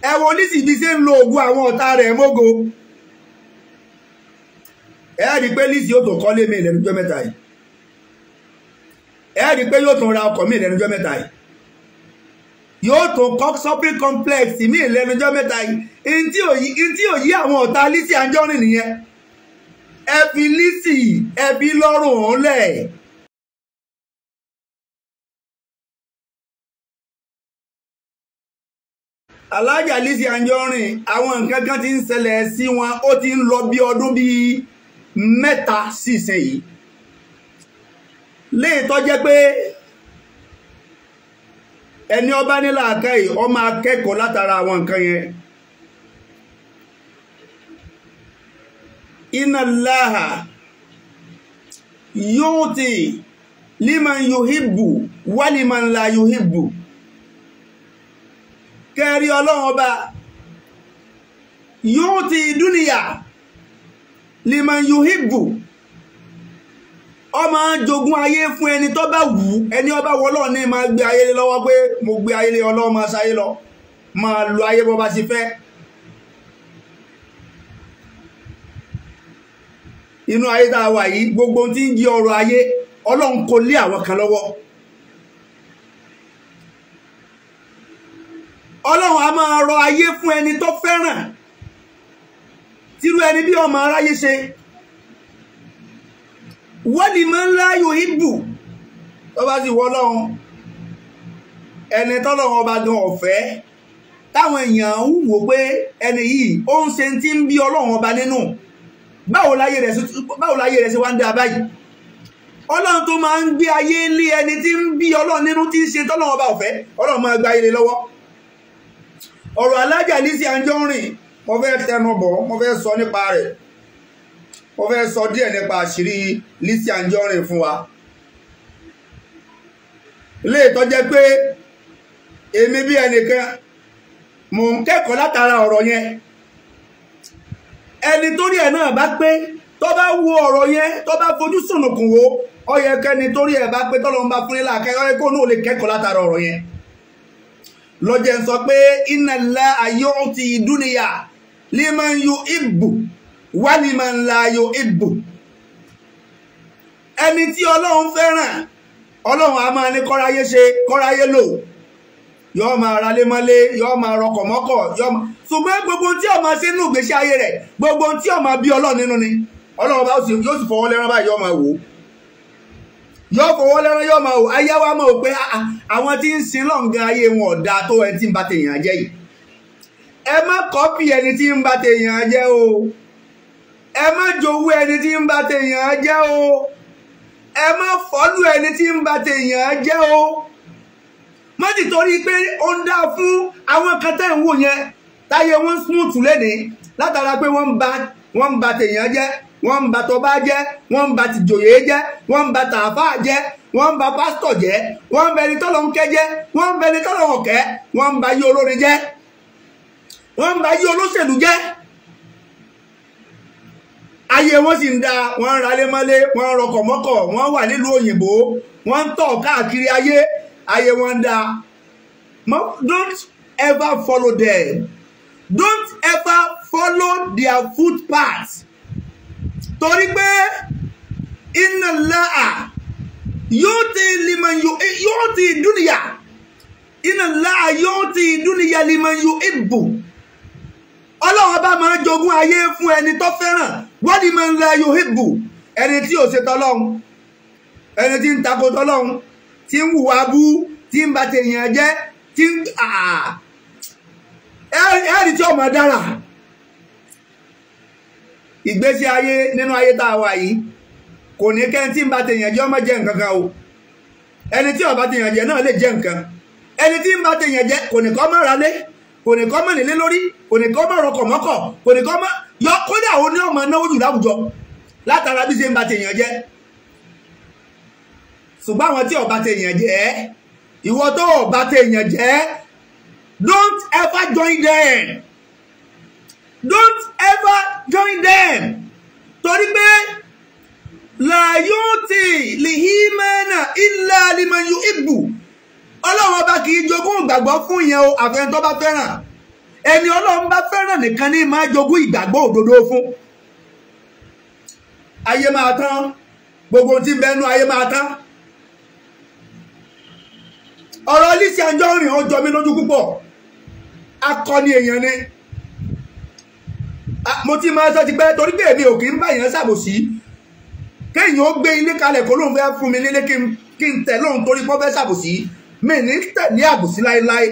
ẹ wo Lizzy ṣe ń lo oògùn àwọn ọ̀tá rẹ̀ mógo ẹ rí i pé Lizzy yóò tún kọ́lé mi lẹ́nujọ́ mẹ́ta yìí ẹ rí i pé yóò tún ra ọkọ̀ mi lẹ́nujọ́ mẹ́ta yìí yóò tún kọ́ shopping complex mi lẹ́nujọ́ mẹ́ta yìí ntí ò yí àwọn ọ̀tá Lizzy Anjorin nìyẹn ẹ fi Lizzy ẹ fi lọ́rùn òun lẹ̀. alájà Lizzy àjọrin àwọn nǹkan kan ti ń ṣẹlẹ̀ sí wọn ó ti ń lọ bí ọdún bíi mẹ́ta sísìn yìí léètọ́ jẹ́ pé ẹni ọba nílà ọ ọmọ akẹ́kọ̀ọ́ látara àwọn nǹkan yẹn inna Allaha yuti liman yuhibbu wa liman la yuhibbu. kẹrí ọlọ́run ọba yóò ti dúnìyà liman yuhibbu ọmọ jogun ayé fún ẹni tó bá wù ẹni ọba wọlọ́ ní ma gbé ayé lọ́wọ́ pé mo gbé ayé lé ọlọ́run máa sáyé lọ máa lo ayé bọ́ bá fẹ́ inú ayé tá a wà yìí gbogbo tí ń jí ọrọ̀ ayé ọlọ́run kò lé àwọn kan lọ́wọ́ ọlọ́run a máa rọ ayé fún ẹni tó fẹ́ràn tírú ẹni bí ọmọ aráyé ṣe wọ́n ni máa ń láyò ìbù tó bá sì wọ́ ọlọ́run ẹni tọ́lọ́run ọba gan ọ̀fẹ́ táwọn èèyàn ń wò pé ẹni yìí ó ń ṣe tí ń bí ọlọ́run ọba nínú báwo láyé rẹ̀ sí wá ń dá báyìí ọlọ́run tó máa ń gbé ayé lé ẹni tí ń bí ọlọ́run nínú tí ń ṣe tọ́lọ́run ọba ọ̀fẹ́ ọlọ́run máa gba ilé lọ́wọ́ ọ̀rọ̀ alájà Lizzy Anjorin mo fẹ́ tẹnubọ̀ mo fẹ́ sọ nípa rẹ̀ mo fẹ́ sọ díẹ̀ nípa àṣírí fún wa ilé ìtọ́jẹ́ pé èmi bí ẹnìkan mò ń kẹ́kọ̀ọ́ látara ọ̀rọ̀ yẹn ẹni torí ẹ náà bá pé tó bá wo ọ̀rọ̀ yẹn tó bá wo yẹ kẹ́ni bá pé lè lọ́jẹ́ sọ pé inna Allaha yu'ti dunya liman yuhibbu wa liman la yuhibbu ẹni tí ọlọ́run fẹ́ràn ọlọ́run a máa ní kọ́ráyé ṣe kọ́ráyé lò yọ́ máa ra lé mọ́lé yọ́ máa rọkọ̀ mọ́kọ̀ yọ́ máa ṣùgbọ́n gbogbo tí ọmọ ṣe nínú ìgbésí ayé rẹ̀ gbogbo tí ọmọ bí ọlọ́run nínú ni ọlọ́run bá yóò sì fọwọ́ lẹ́rán báyìí yọ́ máa wò ó yóò fọwọ́ lẹ́rán yóò máa wò ayé wa máa wò pé ah, ah, àwọn tí ń sin lọ́ǹgá ayé wọn ọ̀dà tó ẹni tí ń ba tèèyàn jẹ́ yìí ẹ má kọ́pì ẹni tí ń ba tèèyàn jẹ́ o ẹ má jowú ẹni tí ń ba tèèyàn jẹ́ o ẹ má fọ́lù ẹni tí ń ba tèèyàn jẹ́ o má ti torí pé ó ń dá fún àwọn kan tẹ́ ń wò yẹn táyé wọ́n smooth lẹ́nìí látara pé wọ́n ń ba tèèyàn jẹ́ wọ́n ń ba tọba jẹ́ wọ́n ń ba tìjòyè jẹ́ wọ́n ń ba tààfà jẹ́ wọ́n ń ba pásítọ̀ jẹ́ wọ́n ń bẹni tọ́lọ̀ ń kẹ́ jẹ́ wọ́n ń bẹni tọ́lọ̀ ń kẹ́ wọ́n ń ba yí olórin jẹ́ wọ́n ń ba yí olóṣèlú jẹ́ ayé wọn sì ń da wọ́n ń ralé mọ́lé wọ́n rọkọ̀ mọ́kọ̀ wọ́n wà nílùú òyìnbó wọ́n ń tọ̀ káàkiri ayé ayé wọn ń da don't ever follow them don't ever follow their footpath torí pé inna Allaha yu'ti liman yu'ti dunya inna Allaha yu'ti dunya liman yuhibbu ọlọ́run bá máa jogún ayé fún ẹni tó fẹ́ràn wọ́n ní man la yuhibbu ẹni tí ò ṣe tọ́lọ́run ẹni tí ń takò tọ́lọ́run tí ń hùwà bú tí ń ba tèèyàn jẹ́ tí ń ẹ̀rì tí ọmọ dára ìgbésí ayé nínú ayé tá a wà yìí kò ní kẹ́ni tí ń bá tèèyàn jẹ́ ọmọ jẹ́ nǹkan kan o ẹni tí ó bá tèèyàn jẹ́ náà lè jẹ́ nǹkan ẹni tí ń bá tèèyàn jẹ́ kò ní kọ́ mọ́ ra lé kò ní kọ́ mọ́ nílé lórí kò ní kọ́ mọ́ rọkọ̀ mọ́kọ̀ kò ní kọ́ mọ́ yọ kódà ó ní ọmọ náwó jù láwùjọ látara bí ṣe ń bá tèèyàn jẹ́ ṣùgbọ́n àwọn tí ó bá tèèyàn jẹ́ ìwọ tó ó bá tèèyàn jẹ́ don't ever join them. don't ever join them torí pé làyóòtì lìhímẹ́nà ilẹ̀ alimayu ibù ọlọ́run ọba kì í jogún ìgbàgbọ́ fún ìyẹn o àfẹn bá fẹ́ràn ẹni ọlọ́run bá fẹ́ràn nìkan ní máa jogún ìgbàgbọ́ òdodo fún ayé máa tán gbogbo tí ń bẹnu ayé máa tán ọ̀rọ̀ Lizzy Anjorin ó jọ mí lójú púpọ̀ akọni èèyàn ni. Ah, mo ti máa sọ ti pẹ́ torí pé èmi ò kì í bá èèyàn ṣàbòsí kéèyàn ó gbé ilé kalẹ̀ kó lóun fẹ́ fún mi nílé kí n tẹ̀ lóun torí pé ó fẹ́ ṣàbòsí mi ní tẹ̀lé àbòsí láéláé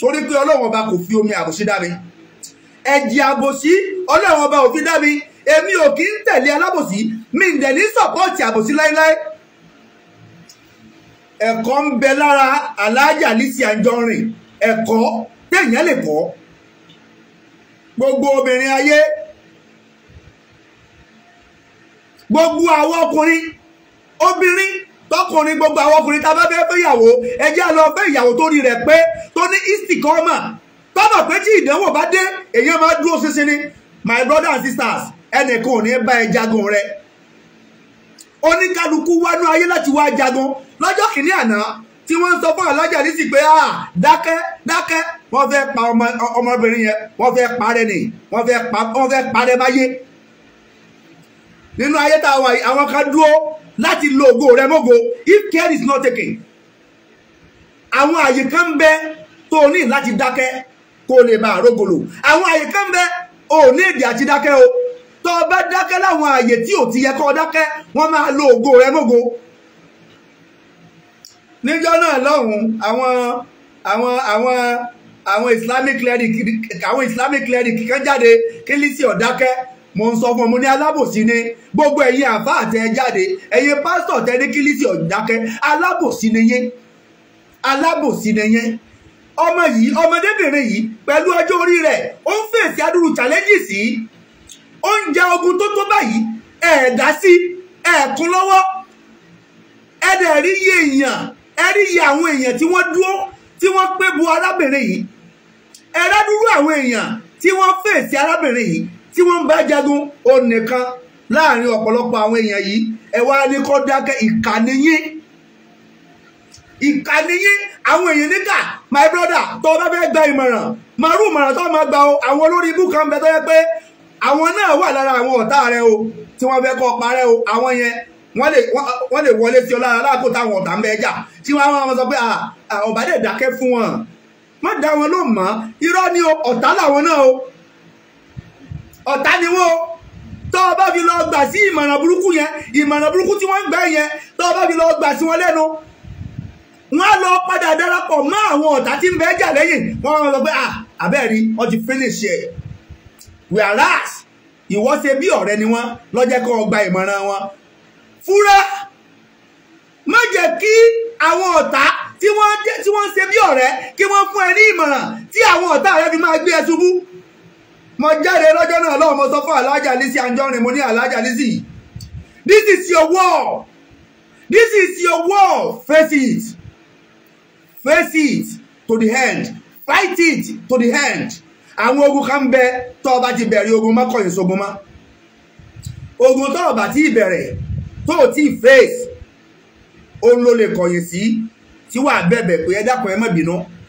torí pé ọlọ́run ọba kò fi omi àbòsí dá mi ẹ̀jẹ̀ àbòsí ọlọ́run ọba ò fi dá mi èmi ò kì í tẹ̀lé alábòsí mi ń dẹ̀ ní sọ̀pọ́ọ̀tì àbòsí láéláé ẹ̀kọ́ ń bẹ lára aláàjà Lizzy Anjorin ẹ̀kọ́ téèyàn lè kọ́ gbogbo obìnrin ayé gbogbo àwọn ọkùnrin obìnrin tọkùnrin gbogbo àwọn ọkùnrin tá a bá fẹ́ fẹ́ ìyàwó ẹ jẹ́ lọ fẹ́ ìyàwó tó rí rẹ̀ pé tó ní istikọ́mà tọ́nà pé tí ìdánwò bá dé èèyàn máa dúró ṣinṣin ni my brothers and sisters ẹnìkan ò ní bá ẹ jagun rẹ oníkálukú wánú ayé láti wá jagun lọ́jọ́ kìíní àná tí wọ́n ń sọ fún alájà nísìsiyìí pé ah, dákẹ́ dákẹ́ wọ́n fẹ́ pa ọmọbìnrin yẹn wọ́n fẹ́ parẹ́ ni wọ́n fẹ́ pa wọ́n fẹ́ parẹ́ báyé nínú ayé tá a wà yìí àwọn kan dúró láti lo ògo rẹ mọ́go if care is not taken àwọn àyè kan ń bẹ tó o ní láti dákẹ́ kó o lè bá àrógolo àwọn àyè kan ń bẹ o ní èdè àti dákẹ́ o tó o bá dákẹ́ láwọn àyè tí ò ti yẹ kó o dákẹ́ wọ́n máa lo ògo rẹ mọ́go níjọ́ náà lọ́hùn-ún àwọn àwọn àwọn àwọn islamic cleric àwọn islamic cleric kan jáde kí Lizzy ọ̀dákẹ́ mo ń sọ fún ọmọ ní alábòsí ni gbogbo ẹ̀yin àfa àtẹ jáde ẹ̀yin pásítọ̀ tẹ ní kí Lizzy ọ̀dákẹ́ alábòsí ni yín alábòsí ni yín ọmọ yìí ọmọdébìnrin yìí pẹ̀lú ọjọ́ orí rẹ̀ ó ń fèsì adúrú challenges yìí ó ń jẹ ogun tó tó báyìí ẹ̀ẹ̀dá sí ẹ̀ẹ̀kún lọ́wọ́ ẹ̀ẹ́dẹ̀ rí iye èèyàn ẹ̀rí iye àwọn èèyàn tí wọ́n dúró tí wọ́n pé bu arábìnrin yìí ẹ rádúró àwọn èèyàn tí wọ́n fèsì arábìnrin yìí tí wọ́n ń bá jagun òun nìkan láàrin ọ̀pọ̀lọpọ̀ àwọn èèyàn yìí ẹ wá ní dákẹ́ ìkànnì yín àwọn èèyàn níkà my brother tó o bá fẹ́ gba ìmọ̀ràn màrú ìmọ̀ràn tó o máa gba o àwọn olórí ibú kan bẹ tó yẹ pé àwọn náà wà lára àwọn ọ̀tá rẹ o tí wọ́n fẹ́ kọ́ parẹ́ o àwọn yẹn wọ́n lè wọlé sí ọ lára láàkó táwọn ọ̀tá ń bẹ jà tí wọ́n á máa sọ pé ah, ah, ọ̀bá dẹ̀ dákẹ́ fún wọn má dá wọn ló mọ̀ irọ́ ni o ọ̀tá làwọn náà o ọ̀tá ni wọ́n o tọ́ ọ bá fi lọ gbà sí ìmọ̀ràn burúkú yẹn ìmọ̀ràn burúkú tí wọ́n ń gbà yẹn tọ́ ọ bá fi lọ gbà sí wọn lẹ́nu wọ́n á lọ padà darapọ̀ mọ́ àwọn ọ̀tá tí ń bẹ́ẹ̀ jà lẹ́yìn wọ́n lọ pé àbẹ́ẹ̀rí ah, wọ́n ti finish ẹ̀ whereas ìwọ ṣe bí ọ̀rẹ́ ni wọ́n lọ́jẹ́ kó gba ìmọ̀ràn wọn fúra má jẹ́ kí àwọn ọ̀tá tí wọ́n tí wọ́n ṣe bí ọ̀rẹ́ kí wọ́n fún ẹ ní ìmọ̀ràn tí àwọn ọ̀tá rẹ fi máa gbé ẹ ṣubú mo jáde lọ́jọ́ náà lọ́wọ́ mo sọ fún alájà Lizzy Anjorin mo ní alájà Lizzy this is your war this is your war face it face it to the end fight it to the end àwọn ogun kan bẹ tó o bá ti bẹ̀rẹ̀ ogun má kọ̀yìn sógun má ogun tó o bá ti bẹ̀rẹ̀ tó ti face òun ló lè kọ̀yìn sí. Si tí wàá bẹ̀bẹ̀ pé ẹ dákun ẹ má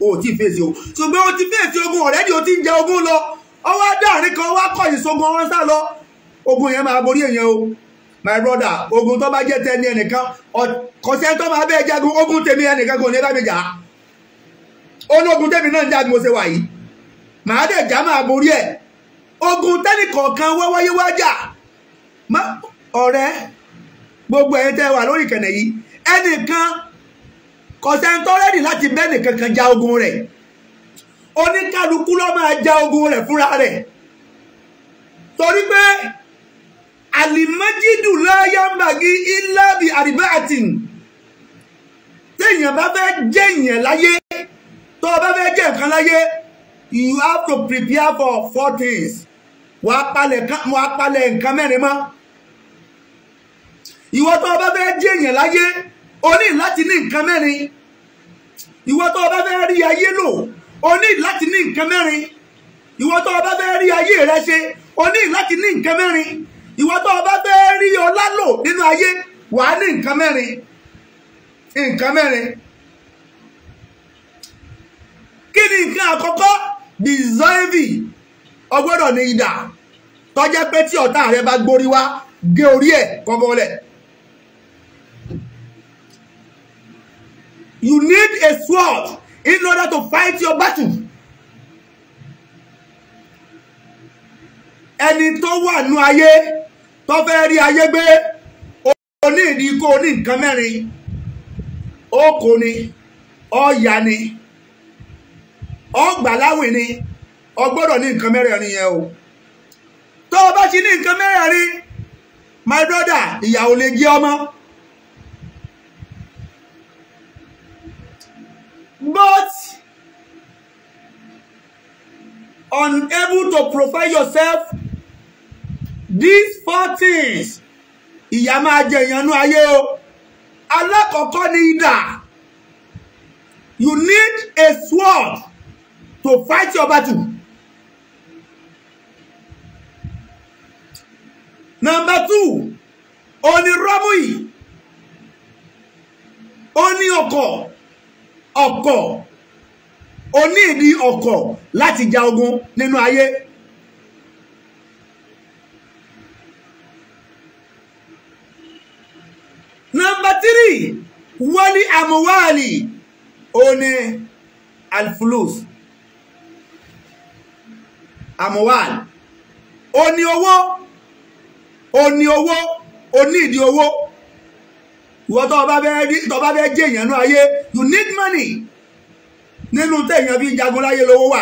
o ò tí ì fèsì o ṣùgbọ́n o ti fèsì ogun ọ̀rẹ́dì o ti ń jẹ ogun lọ ọwọ́ adáàrin kan wá kọ̀yìn sógun ọwọ́ sá lọ ogun yẹn máa borí èèyàn o my brother ogun tó bá jẹ́ tẹni ẹnìkan kọ̀ṣẹ́ tó máa bẹ́ẹ̀ jagun ogun tèmi ẹnìkan kò ní bá mi jà tèmi náà ń jagun ṣe wà yìí màá dẹ̀ já máa borí ẹ̀ ogun wájà ọ̀rẹ́ gbogbo tẹ́ wà lórí yìí kọ̀sẹ́ni tó rẹ́dì láti bẹ́ẹ̀nì kankan ja ogun rẹ̀ oníkálukú ló máa ja ogun rẹ̀ fúnra rẹ̀ torí pé àlìmọ́jídù láyámbàgí ìlàbí àdìbá àtìn téèyàn bá fẹ́ jẹ́ èèyàn láyé tó bá fẹ́ jẹ́ nǹkan láyé you have to prepare for four things wàá palẹ̀ nǹkan mẹ́rin mọ́ ìwọ tó bá fẹ́ jẹ́ èèyàn láyé o ní láti ní nǹkan mẹ́rin ìwọ tó o bá fẹ́ rí ayé lò o ní láti ní nǹkan mẹ́rin ìwọ tó o bá fẹ́ rí ayé rẹ ṣe o ní láti ní nǹkan mẹ́rin ìwọ tó o bá fẹ́ rí ọlá lò nínú ayé wàá ní nǹkan mẹ́rin nǹkan mẹ́rin kí ni nǹkan àkọ́kọ́ dìzọ́ìvì ọgbọ́dọ̀ ní idà tọ́jẹ́ pé tí ọ̀tá rẹ bá gborí wá gé orí ẹ̀ kọ́mọ́lẹ̀ You need a sword in order to fight your battle. Ẹni tó wà nú ayé tó fẹ́ rí ayé gbé o ní ìdí kó o ní nǹkan mẹ́rin ó kò ọ̀yà ni ọgbàláwìn ni o gbọ́dọ̀ ní nǹkan mẹ́rẹ̀ẹ̀rin yẹn o tó o bá ti ní nǹkan mẹ́rẹ̀ẹ̀rin my brother ìyàwó lè jẹ́ ọmọ. But unable to provide yourself these four things ìyà máa jẹ ìyànnú ayé o alákọ̀ọ́kọ́ ni idà you need a sword to fight your battle number two oní rọ́bùyì oni ọkọ̀ ọkọ̀ o ní ìdí ọkọ̀ láti ja ogun nínú ayé nọ́mbà tírì wọ́lí àmúwáàlì o ní alfulus àmúwáàlì o ní owó o owó o ní ìdí owó ìwọ tó bá fẹ́ rí tó bá fẹ́ jẹ́ èèyàn ayé you need money nínú téèyàn fi jagun láyé lówó wà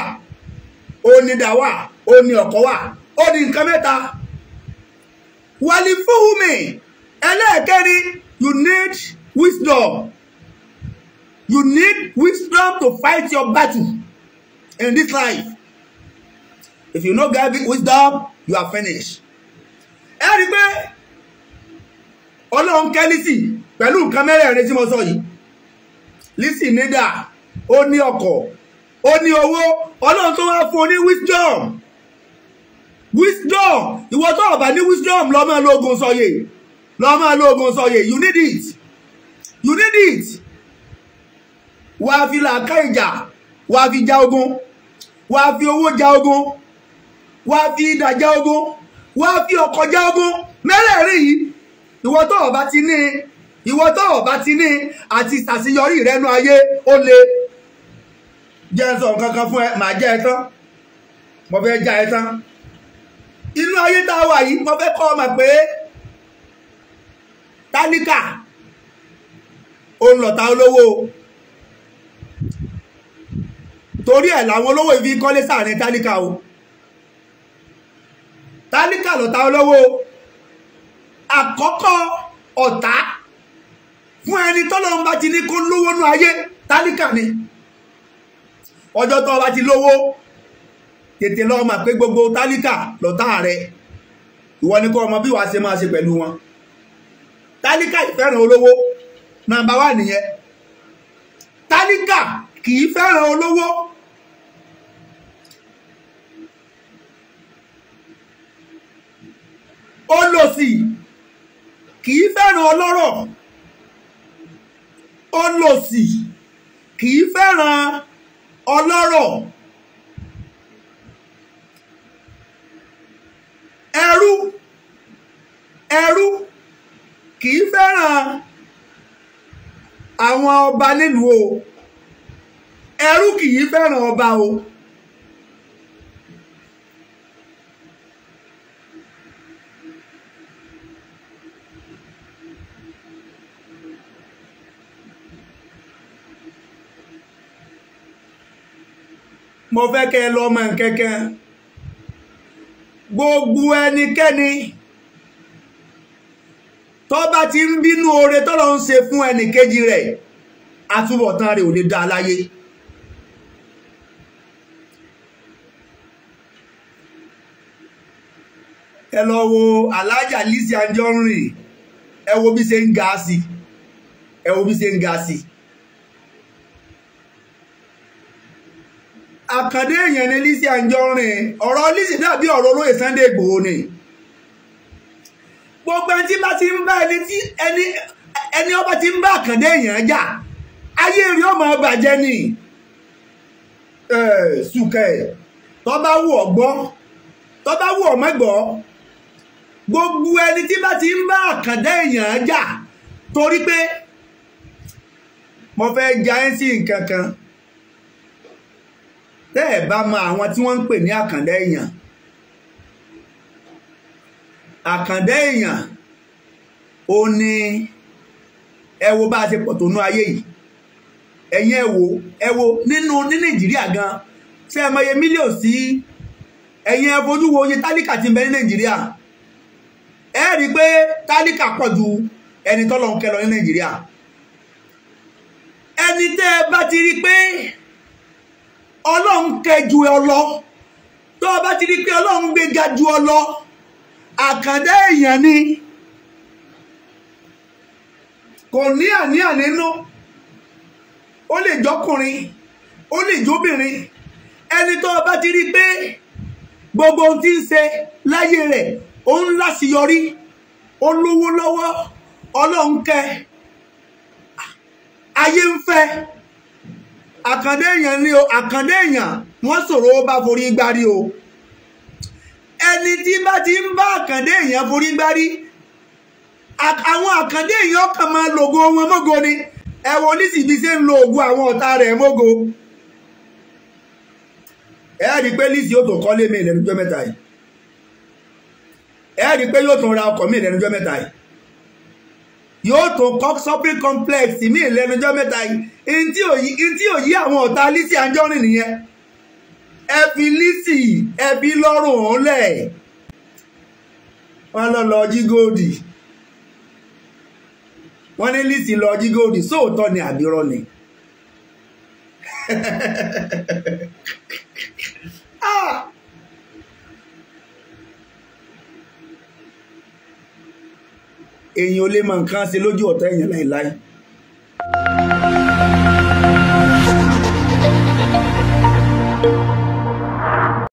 ó ní dà wà ó ní ọkọ̀ wà ó ní nǹkan mẹ́ta wàlí fúhùmí ẹlẹ́ẹ̀kẹ́rin you need wisdom you need wisdom to fight your battle in this life if you no get wisdom you are finished ẹ rí i pé ọlọ́run kẹ́lí sí i pẹ̀lú nǹkan mẹ́rẹ̀ẹ̀rin tí mo sọ yìí Lizzy Nida ó ní ọkọ̀ ó ní owó ọlọ́run tó wá fún ọ ní wisdom wisdom ìwọ tó ọ̀bà ní wisdom lọ́ máa lo oògùn sọyè lọ́ máa lo oògùn sọyè you need it you need it wàá fi làákà ìjà wàá fi ja ogun wàá fi owó ja ogun wàá fi idà ja ogun wàá fi ọkọ̀ ja ogun mẹ́rẹ̀ẹ̀rin yìí ìwọ tó ọ̀bà ti ní ìwọ tó ọba ti ní àti ṣàṣeyọrí ìrẹnu ayé ó le jẹ́ sọ nǹkan kan fún ẹ màá jẹ́ ẹ tán mo fẹ́ já ẹ tán inú ayé tá a wà yìí mo fẹ́ kọ́ ọ mọ̀ pé tálíkà òun lọ̀tá olówó torí ẹ̀ làwọn olówó ìfi kọ́lé sáàrin tálíkà o tálíkà lọ̀tá olówó àkọ́kọ́ ọ̀tá fún ẹni tọ́lọ́run bá ti ní kó lówó nú ayé tálíkà ni ọjọ́ tó bá ti lówó tètè lọ mà pé gbogbo tálíkà lọ́tà rẹ ìwọ ni kó ọmọ bí wàá ṣe máa ṣe pẹ̀lú wọn tálíkà ìfẹ́ràn olówó nàmbà wà nìyẹn tálíkà kì í fẹ́ràn olówó olòṣì kì í fẹ́ràn ọlọ́rọ̀ olosi kì í fẹ́ràn ọlọ́rọ̀ ẹrú ẹrú kì í fẹ́ràn àwọn ọba nílùú o ẹrú kì í fẹ́ràn ọba o. mo fẹ́ kẹ́ lọ́mọ gbogbo ẹnikẹ́ni tó bá ti ń bínú oore tọ́lọ́ ń ṣe fún ẹnìkejì rẹ̀ àtúbọ̀tán rẹ̀ ò lè dá láyé ẹ lọ wo alájà Lizzy Anjorin ẹ wo bí ṣe ń ga sí bí ń ga sí àkàndé èèyàn ni Lizzy Anjorin ọ̀rọ̀ Lizzy dàbí ọ̀rọ̀ olóyè Sunday Igboho ni gbogbo ẹni tí bá ti ń bá ẹni tí ẹni ọba ti ń bá àkàndé èèyàn jà ayé rẹ̀ ọmọ bàjẹ́ ní sùkẹ́ tọ́ba wù ọ́ gbọ́ tọ́ba wù ọ́ mẹ́gbọ́ gbogbo ẹni tí bá ti ń bá àkàndé èèyàn jà torí pé mo fẹ́ ja ẹ́ sí nǹkan kan tẹ́ ẹ̀ bá mọ àwọn tí wọ́n ń pè ní àkàndá èèyàn àkàndá èèyàn ó ní ẹ wo bá a ṣe pọ̀ tó nú ayé nínú ní nàìjíríà gan ṣé ẹ mọye mílíọ̀n sí ẹ̀yin ẹ fojú wo ti bẹ ní nàìjíríà ẹ rí i pé tálíkà pọ̀ ju ẹni lọ ti rí i ọlọ́run kẹjú ẹ lọ tó o ti di pé ọlọ́run gbéga ju ọ lọ àkàndá èèyàn ni kò ní àníyàn nínú ó lè jọkùnrin ó lè jóbìnrin ẹni tó o bá ti rí pé gbogbo ohun tí ń ṣe láyé rẹ̀ ó láṣeyọrí ó lówó ọlọ́run kẹ ayé ń fẹ́ àkàndé èèyàn ni o àkàndé èèyàn won soro ó bá forí gbárí o ẹni tí bá ti ń bá àkàndé èèyàn forí gbárí àwọn àkàndé èèyàn kan ma logo wọn mọ́go ni ẹ̀wọ̀n oníṣìbí ṣe n lo ogun awon ota re mọ́go ẹ rí i pé Lizzy yóò tún kọ́lé mi lẹ́nujọ́ mẹ́ta yìí ẹ rí i pé yóò ra ọkọ̀ mi lẹ́nujọ́ mẹ́ta yóò tó cox shopping complex ní ìlẹ́nujọ́ mẹ́ta yìí ntí òyí àwọn ọ̀tá Lizzy Anjorin nìyẹn ẹ fi Lizzy ẹ fi lọ́rùn òun lẹ̀ wọ́n lọ lọ jí góòdì wọ́n ní Lizzy lọ jí góòdì sóòótọ́ ni àbírọ́ ni ah èèyàn ò lè mọ nǹkan ṣe lójú ọ̀tá èèyàn láìláì